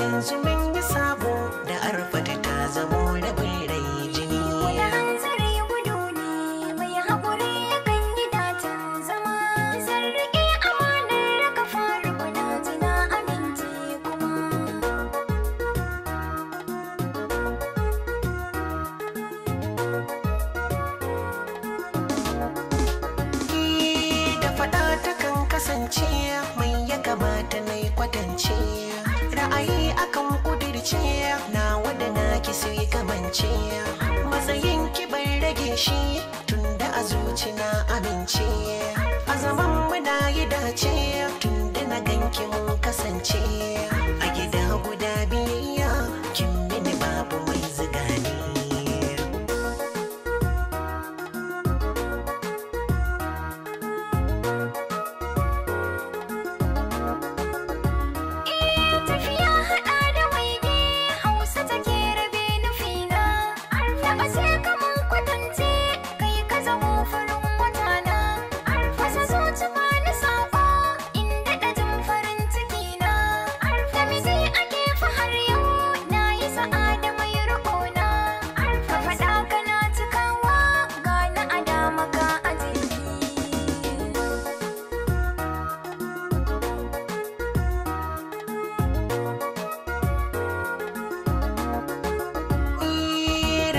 yanzu mun yi sabo da arfata ta zamo da birai jini wani hanzari gudu ne mai haƙuri yakan yi ta zama zan riƙe amanar da ka faru guda tana amince kuma da faɗa takan kasance mai ya gabata na yi kwatance ra'ayi akan kudirce na wada na ki su kamance matsayin ki bai rage shi tunda a zuci na amince a zaman muna yi dace tunda na ganki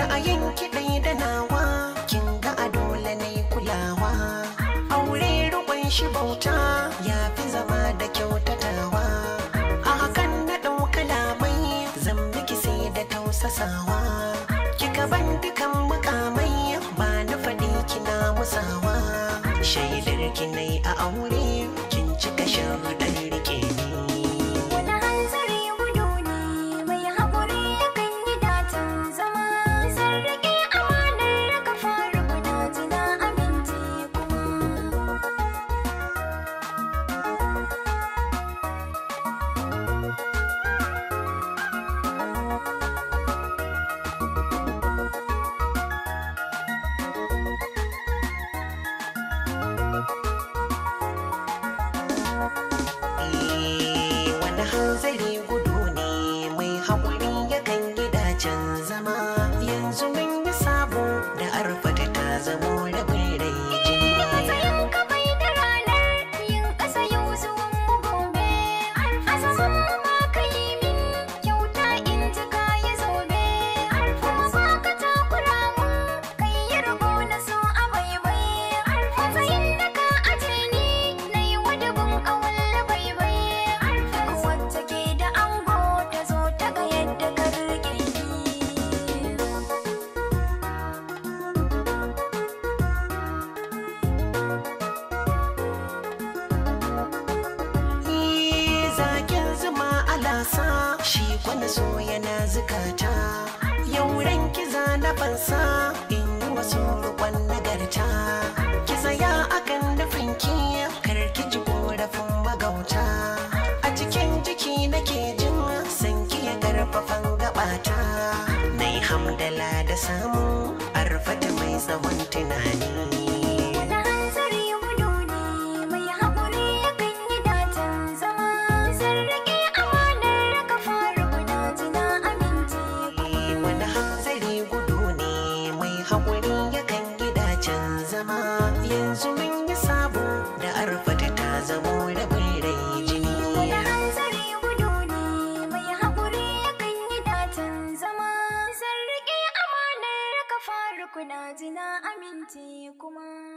ra'ayin kiɗai da nawa kin ga a dole ne kulawa aure rukun shi bauta ya fi zama da kyautatawa a hakan na ɗauka lamai, zan miki sai da tausasawa shi kwana so yana zukata yau ran kiza na fansa in yi wasu roƙon nagarta kiza ya akan nufin ki kar ki ji korafin magauta a cikin jiki nake jin san ki ya karfafan gabata na yi hamdala da samu arfata mai tsawon tunani kuna jina aminci kuma